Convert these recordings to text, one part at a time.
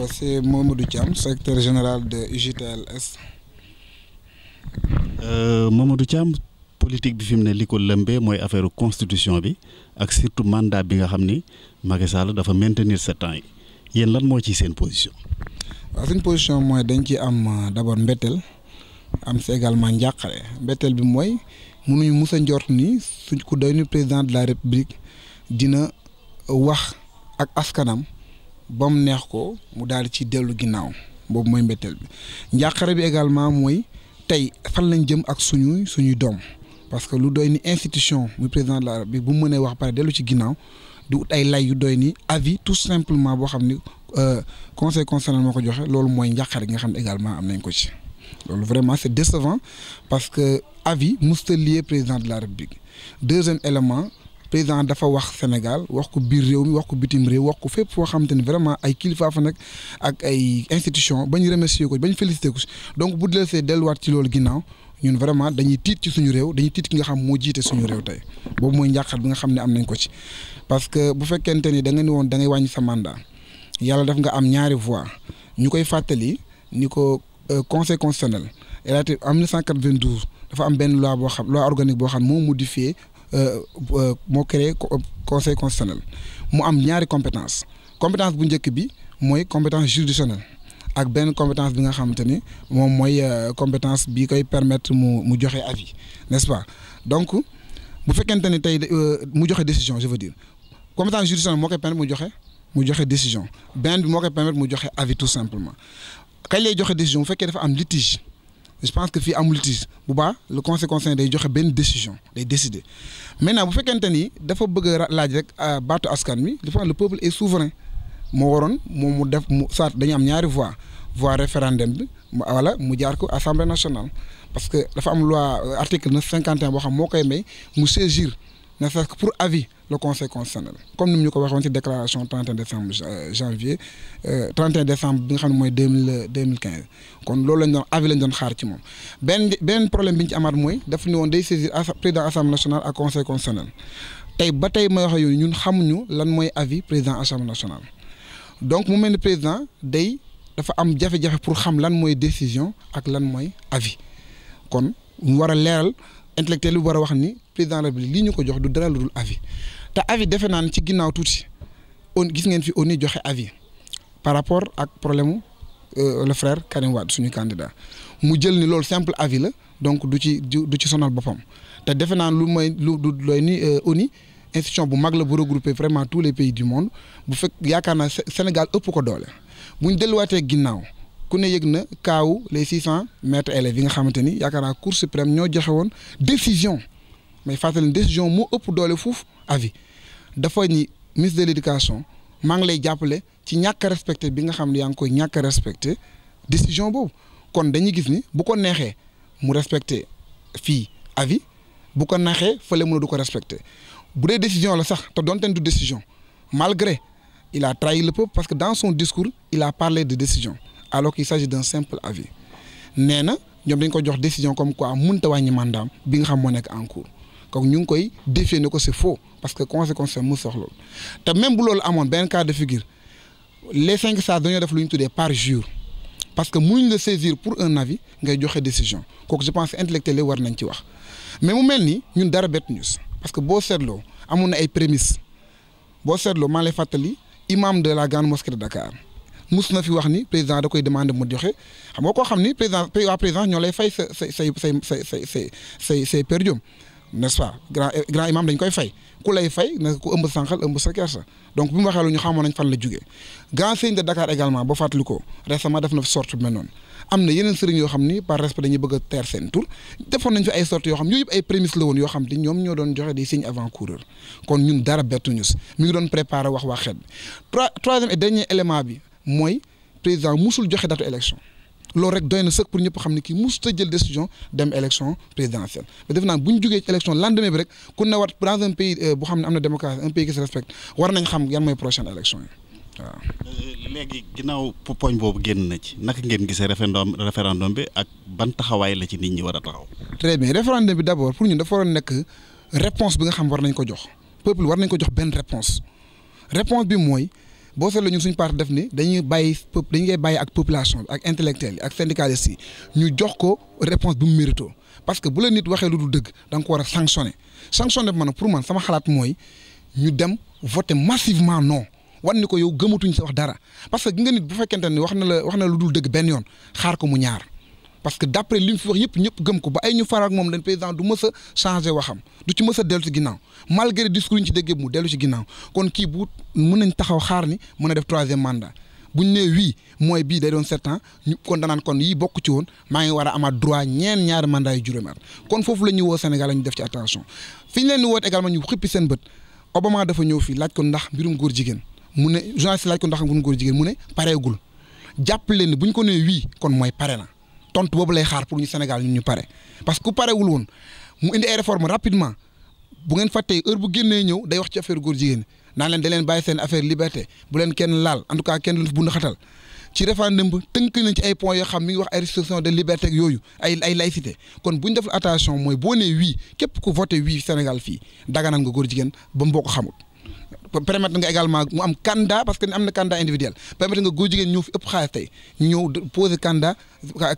Alors, c'est Mamadou Thiam, secrétaire général de UJTLS. Euh, Mamadou Thiam politique bi fi mu ne li ko lëmbee mooy affaire constitution bi ak surtout mandat bi nga xam ni Macky dafa maintenir sept ans yi yéen lan moo ci seen position. waaw seen position mooy dañ ci am euh, d'abord mbetteel am si également njàqare mbetteel bi mooy mënuñu mus a njort ni suñ ku doy ni président de la république dina euh, wax ak askanam. ba mu neex ko mu daal ci dellu ginnaaw boobu mooy mbetteel bi njàqare bi également mooy tey fan lañ jëm ak suñuy suñuy doom parce que lu doy ni institution mu président de la bi bu mu mënee wax pare dellu ci ginnaaw du ut ay lay yu doy ni avis tout simplement boo xam ni euh, conseil constitutionnel moo ko joxe loolu mooy njaxare gi nga xam ne également am nañ ko ci loolu vraiment c'est décevant parce que avis musta lié président de la République deuxième élément président dafa wax Sénégal wax ko biir réew mi wax ko bitim réew wax ko fépp foo xamante ni vraiment ay kilifa fa ak ay institution ba ñu remercier ko ba ñu féliciter ko donc bu dee see delluwaat ci loolu ginnaaw ñun vraiment dañuy tiit ci suñu réew dañuy tiit ki nga xam moo jiite suñu réew tey boobu mooy njàqar bi nga xam ne am nañ ko ci. parce que bu fekkente ni da nga ni woon dangay ngay wàññi sa mandat yàlla def nga am ñaari voix ñu koy fàttali ni ko euh, conseil constitutionnel relative en 1992 dafa am benn loi boo xam loi organique boo xam moo modifié Euh, euh, moo créé euh, conseil constitutionnel mu am ñaari compétence compétence bu njëkk bi mooy compétence juridictionnelle ak benn compétence bi nga xamante ni moom mooy compétence bi koy permettre mu mu joxe avis n'est-ce pas donc bu fekkente ni tey mu joxe décision je veux dire compétence juridictionnelle moo koy permettre mu joxe mu joxe décision benn bi moo koy permettre mu joxe avis tout simplement kañ lay joxe décision bu fekkee dafa am litige. je pense que fii amul bu baax le conseil conseil day joxe benn décision day décider maintenant bu fekkante ni dafa bëgg a laaj rek euh, baatu askan mi dafa le peuple est souverain moo waroon moom mu def mu soit dañu am ñaari voix voix référendum bi wala ah, mu jaar ko assemblée nationale parce que dafa am loi euh, article neuf cinquante et boo xam moo koy may mu saisir. ne serait-ce que pour avis le conseil constitutionnel comme ni mu ñu ko waxoon ci déclaration 31 décembre euh, janvier 31 euh, décembre bi nga xam ne mooy deux mille euh, deux mille quinze kon loolu lañ doon avis lañ doon xaar ci moom benn benn problème bi ñu ci amaat mooy daf ni woon day saisir président assemblée nationale ak conseil constitutionnel tey ba tey ma wax yooyu ñun xamuñu lan mooy avis président assemblée nationale donc mu mel ni président day dafa am jafe pour xam lan mooy décision ak lan mooy avis kon a leeral intellectuel bi war a wax ni président de la République lii ñu ko jox du dara lu dul avis te avis defe naan ci ginnaaw tuuti on gis ngeen fi ONU joxe avis par rapport ak problème euh, le frère Karim suñu candidat mu jël ni loolu simple avis la donc du ci du ci sonal boppam te defe naa lu may lu du looy ni euh, ONU institution bu mag la bu regrouper vraiment tous les pays du monde bu fekk yaakaar naa Sénégal ëpp ko doole buñ delluwaatee ginnaaw. ku ne yëg na kaaw les six cent maîtres élèves yi nga xamante ni yaakaar naa cour suprême ñoo joxe woon décision mais fàttali décision moo ëpp doole foofu avis dafa ñi ministre de l'éducation maa ngi lay jàppale ci ñàkk respecté bi nga xam ne yaa ngi koy ñàkk respecté décision boobu kon dañu gis ni bu ko neexee mu respecter fii avis bu ko neexee fële mu ne du ko respecté bu dee décision la sax te doonte du décision malgré il a trahi le peuple parce que dans son discours il a de décision alors qu'il s'agit d'un simple avis nee na ñoom dañ ko jox décision comme quoi mënta wàññi mandaam bi nga xam moo nekk en cours kon ñu ngi koy défier ne ko c'est faux parce que conséquence mu sox loolu te même bu loolu amoon benn cas de figure les cinq sages dañoo def lu ñu tuddee par jour parce que mënuñ la saisir pour un avis ngay joxe décision kooku je pense intellectuel war nañ ci wax mais mu mel ni ñun dara bett ñu parce que boo seetloo amoon na ay prémices boo seetloo maa lay fàttali imam de la grande mosquée de mus na fi wax ni président da koy demandé mu joxe xam nga xam ni président waa président ñoo lay fay sa say say say say eh, na bi mu lu ñu xamoon nañ fan la jugee grand sëriñ de Dakar également ba fàttali ko récemment def na sorte bu mel am na yeneen sëriñ yoo xam ni par respect dañuy bëgg a teer seen tur defoon nañ fi ay sorte yoo xam yooyu yëpp ay prémices la woon yoo xam te ñoom ñoo doon joxe des signes avant coureur kon ñun dara bettuñu si mi ngi doon préparé wax waa xeet bi troisième et dernier élément bi mooy président musul joxe datu élection loolu rek doy na sëkk pour ñëpp xam ne kii mosut a jël décision dem élection présidentielle mais defe naa bu ñu jógee ci élection lendemain bi rek ku ne wat dans un pays euh, boo xam ne am na démocratie un pays qui se respecte war nañ xam yan mooy prochaine élection yi waaw. Euh, léegi ginnaaw poñ boobu génn na ci naka ngeen gisee référendum référendum bi ak ban taxawaay la ci nit ñi war a taxaw. très bien référendum bi d' abord pour ñun dafa waroon nekk réponse bi nga xam war nañ ko jox peuple war nañ ko jox benn réponse réponse bi mooy boo seetloo ñun suñu parti def ni dañuy bàyyi peuple dañu koy bàyyi ak population bi ak intellectuel yi ak syndicaliste yi ñu jox ko réponse bu mu mérito parce que bu la nit waxee lu dul dëgg da nga ko war a sanctionné sanctionné bi man pour man sama xalaat mooy ñu dem voter massivement non wan ni ko yow gëmatuñ sa wax dara parce que gi nga nit bu fekkente ne wax na la wax na lu dul dëgg benn yoon xaar ko mu ñaar parce que daprès après li mu fi wax yëpp ñëpp gëm ko ba ay ñu faral ak moom leen président du mës a changé waxam du ci mës a dellu malgré discours yi ñu ci déggee mu dellu ci ginnaaw kon kii bu mën nañ taxaw xaar ni mën a def troisième mandat bu ñu nee wii mooy bii day doon sept ñu kon danaan kon yii bokk ci woon maa ngi war a amaat droit ñeen ñaari mandat yu juróomi kon foofu la ñuy woo Sénégal la ñu def ci attention fi ñu leen di woote également ñu xippi seen bët Obama dafa fii laaj ndax mbirum góor jigéen mu ne journaliste ndax mbirum góor jigéen mu ne pareegul jàpp leen ne bu ko nee wii kon mooy pare na tontu boobu lay xaar pour ñu Sénégal ñun ñu pare parce que ku parewul woon mu indi ay réforme rapidement bu ngeen fàttee heure bu génnee ñëw day wax ci affaire jigéen naa leen da leen bàyyi seen affaire liberté bu leen kenn laal en tout cas kenn du bund xatal ci référendum bi tënk nañ ci ay point yoo xam mi ngi wax ay restriction de liberté ak yooyu ay ay laïcité kon bu ñu def attention mooy boo nee wii képp ko voté wii Sénégal fii daganal nga góor jigéen ba mu boo xamul permettre nga également mu am kanda parce que am na kanda individuel permettre nga góor jigéen ñëw fi ëpp xaalis tey ñu ñëw kanda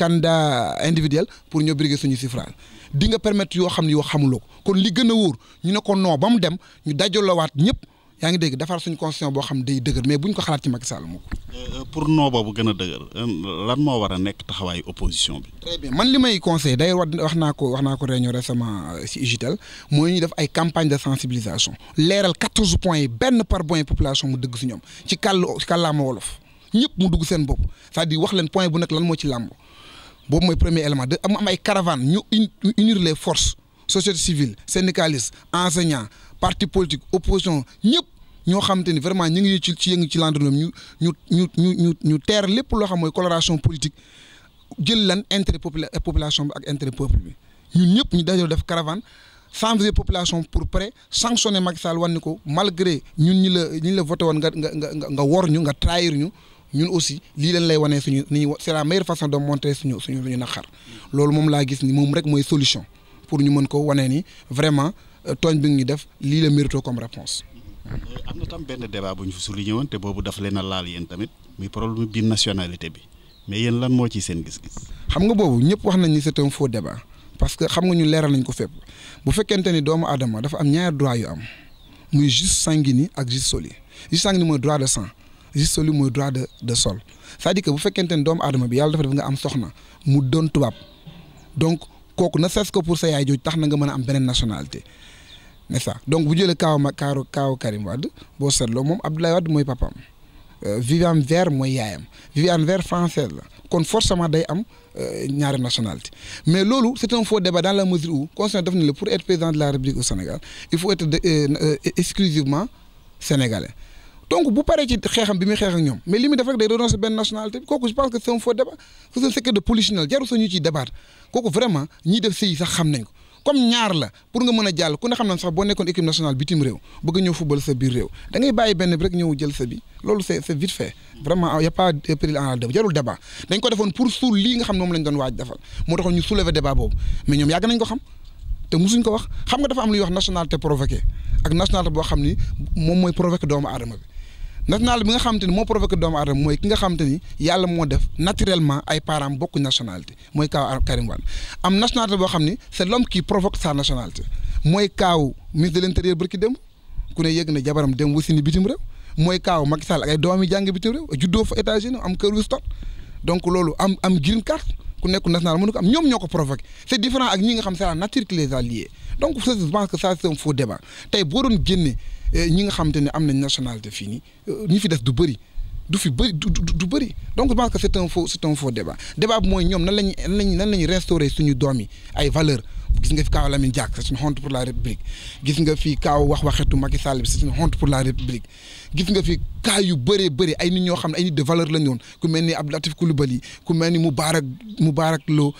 candidat individuel pour ñoo briguer suñu suffrage di nga permettre yoo xam ne yoo xamuloo kon li gën a wóor ñu ne ko non ba mu dem ñu dajalawaat ñëpp yaa ngi dégg defar suñu constitution boo xam day dëgër mais buñ ko xalaat ci Macky Sall moom. Euh, pour noo boobu gën a dëgër euh, lan moo war a nekk taxawaayu opposition bi. très bien man li may conseillé day wax naa ko wax naa ko réunion récemment si euh, UGTEL mooy ñu def ay campagne de sensibilisation leeral quatorze points yi benn par point population mu dëgg si ñoom ci kàll kàllaama wolof ñëpp mu dugg seen bopp cest à wax leen point bu nekk lan moo ci làmb boobu mooy premier élément de am am ay caravane ñu unir les forces société civile syndicaliste enseignant parti politique opposition ñëpp ñoo xamante ni vraiment ñu ngi ci ci yëngu ci lendemain ñu ñu ñu ñu ñu ñu teer lépp loo xam mooy coloration politique jël lan intérêt popula population bi ak intérêt peuple bi ñun ñëpp ñu dajaloo def caravane sensibiliser population pour près sanctionner Macky Sall wan ni ko malgré ñun ñu la ñi la voté woon nga nga nga nga wor ñu nga trahir ñu ñun aussi lii leen lay wane suñu ni c'est la meilleure façon de montrer suñu suñu suñu naqar loolu moom laa gis ni moom rek mooy solution pour ñu mën ko wane nii vraiment tooñ bi ñu def lii la mérito comme réponse am na tam benn débat bu ñu fi souligné woon te boobu dafa leen a laal yéen tamit muy problème bi nationalité bi mais yéen lan moo ci seen gis-gis. xam nga boobu ñëpp wax nañ ni c'est un faux débat parce que xam nga ñu leeral nañ ko fépp bu fekkente ni doomu aadama dafa am ñaari droit yu am muy jus sanguinis ak jus soli jus sanguinis mooy droit de sang jus soli mooy droit de de sol sa à bu fekkente ni doomu adama bi yàlla nga am soxna mu doon tubaab donc kooku ne sees ko pour sa yaay jooju tax na nga mën a am beneen nationalité. n'est-ce donc bu jëlee kaaw ma kaaru kaaw Karim Wade boo seetloo moom Abdoulaye Wade mooy papaam euh, Viviane Were mooy yaayam Viviane Were française la kon forcément day am euh, ñaari nationalité mais loolu c'est un faux débat dans la mesure où constitution daf ne la pour être président de la République au Sénégal il faut être euh, exclusivement sénégalais donc bu paree ci xeexam bi muy xeex ak mais li muy def rek day renoncer benn nationalité je pense que c'est de polichinelle jarul sax ñu ciy débattre kooku vraiment ñiy def sëy nañ ko comme ñaar la pour nga mën a jàll ku ne xam na sax boo nekkoon équipe nationale bitim réew bëgg ñëw football sa biir réew da ngay bàyyi benn bi rek ñëw jël sa bi loolu c'est c'est vite fait vraiment y a pas péril en la jarul débat dañ ko defoon pour suul lii nga xam ne moom lañ doon waaj defal moo taxoon ñu soulever débat boobu mais ñoom yàgg nañ ko xam te musuñ wax xam nga dafa am lu ñuy wax nationalité provoquée ak nationalité boo xam ni moom mooy provoqué doomu aadama bi national bi nga xamante ni moo provoqué doomu aadama mooy ki nga xamante ni moo def naturellement ay parents bokku nationalité mooy kaaw Karim Wade am nationalité boo xam ni c'est l'homme qui provoque sa nationalité mooy kaaw ministre de l'intérieur bërki démb ku ne yëg na jabaram dem wasi ni bitim réew mooy kaaw Macky Sall ak ay doom yi jàng bitim réew juddoo fa États-Unis am kër Houston donc loolu am am green nekk national mënu ko am ñoom ñoo ko provoqué c'est différent ak ñi nga xam c'est la nature qui tey boo doon génne Eh, ñi nga xamante ne am nañ nationalité fii nii eh, ñi fi def du bëri du fi bëri du du bëri donc je pense que c' est un faux c' est un mooy ñoom nan la ñuy nan la ñuy nan la ñuy restaurer suñu doom yi ay valeur gis nga fi kaaw Lamine Diack c' est une honte pour la république gis nga fi kaaw wax waxetu Macky Sall bi c' est honte pour la république gis nga fi ka yu bëree bëri ay nit ñoo xam ne ay nit de valeur la ñu woon ku mel ni Abdou Latif Coulibaly ku mel ni Moubarak Moubarak Lo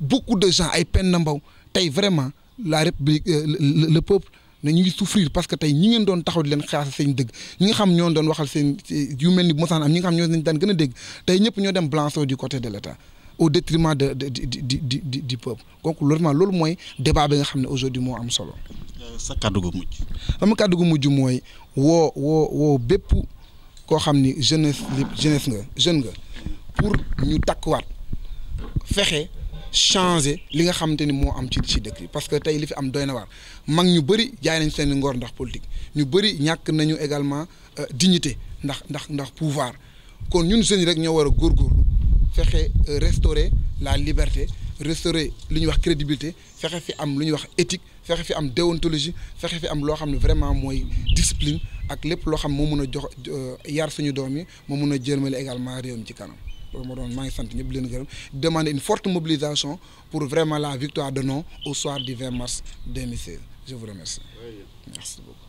beaucoup de gens ay Penda Mbow tey vraiment la république euh, le peuple. ne ñu ngi souffrir parce que tey ñi ngeen doon taxaw di leen xaasa seen dëgg ñi nga xam ñoo doon waxal seen yu mel ni bu mosaan am ñi nga xam ñoo leen daan gën a dégg tey ñëpp ñoo dem blanco du côté de l'État au détriment de de di di di di peuple donc vraiment loolu mooy débat bi nga xam ne aujourd'hui moo am solo. sa kàddu gu mujj. sama kàddu gu mujj mooy woo woo woo bépp koo xam ni jeunesse jeunesse nga jeune nga pour ñu takkuwaat fexe. changer li nga xamante ni moo am ci ci dëkk bi parce que tey li fi am doy na waar mag ñu bëri jaay nañ seen ngor ndax politique ñu bëri ñàkk nañu également euh, dignité ndax ndax ndax pouvoir kon ñun jeunes yi rek ñoo war a góor góor fexe euh, restaurer la liberté restaurer lu ñuy wax crédibilité fexe fi am lu ñuy wax éthique fexe fi am déontologie fexe fi am loo xam ne vraiment mooy discipline ak lépp loo xam moo mun a jox euh, yar suñu doom yi moo mun a jërmale également réew mi ci kanam moo doon maa ngi sant ñëpp leen gërëm demander une forte mobilisation pour vraiment la victoire de non au soir du 20 mars 2016 je vous remercie merci beaucoup